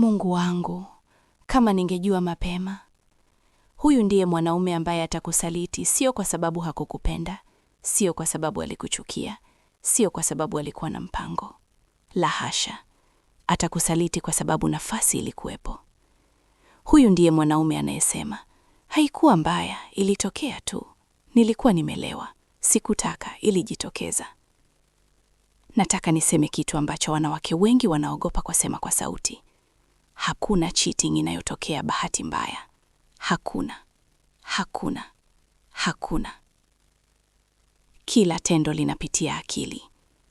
Mungu wangu, kama ningejua mapema. Huyu ndiye mwanaume ambaye atakusaliti, sio kwa sababu hakukupenda, sio kwa sababu alikuchukia, sio kwa sababu alikuwa na mpango. La hasha, atakusaliti kwa sababu nafasi ilikuwepo. Huyu ndiye mwanaume anayesema, haikuwa mbaya, ilitokea tu, nilikuwa nimelewa, sikutaka, ilijitokeza. Nataka niseme kitu ambacho wanawake wengi wanaogopa kusema kwa sauti. Hakuna cheating inayotokea bahati mbaya, hakuna, hakuna, hakuna. Kila tendo linapitia akili,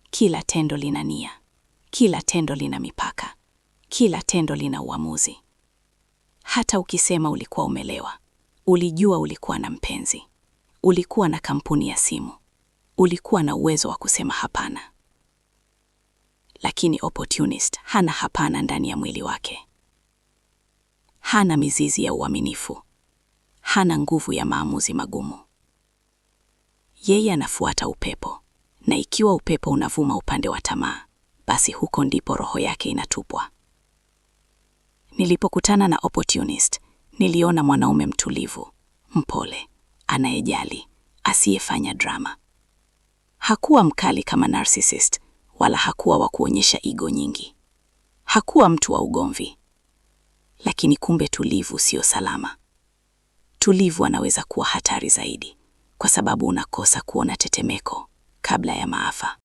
kila tendo lina nia, kila tendo lina mipaka, kila tendo lina uamuzi. Hata ukisema ulikuwa umelewa, ulijua ulikuwa na mpenzi, ulikuwa na kampuni ya simu, ulikuwa na uwezo wa kusema hapana. Lakini opportunist hana hapana ndani ya mwili wake hana mizizi ya uaminifu, hana nguvu ya maamuzi magumu. Yeye anafuata upepo, na ikiwa upepo unavuma upande wa tamaa, basi huko ndipo roho yake inatupwa. Nilipokutana na opportunist, niliona mwanaume mtulivu, mpole, anayejali, asiyefanya drama. Hakuwa mkali kama narcissist, wala hakuwa wa kuonyesha ego nyingi. Hakuwa mtu wa ugomvi, lakini kumbe tulivu sio salama. Tulivu anaweza kuwa hatari zaidi, kwa sababu unakosa kuona tetemeko kabla ya maafa.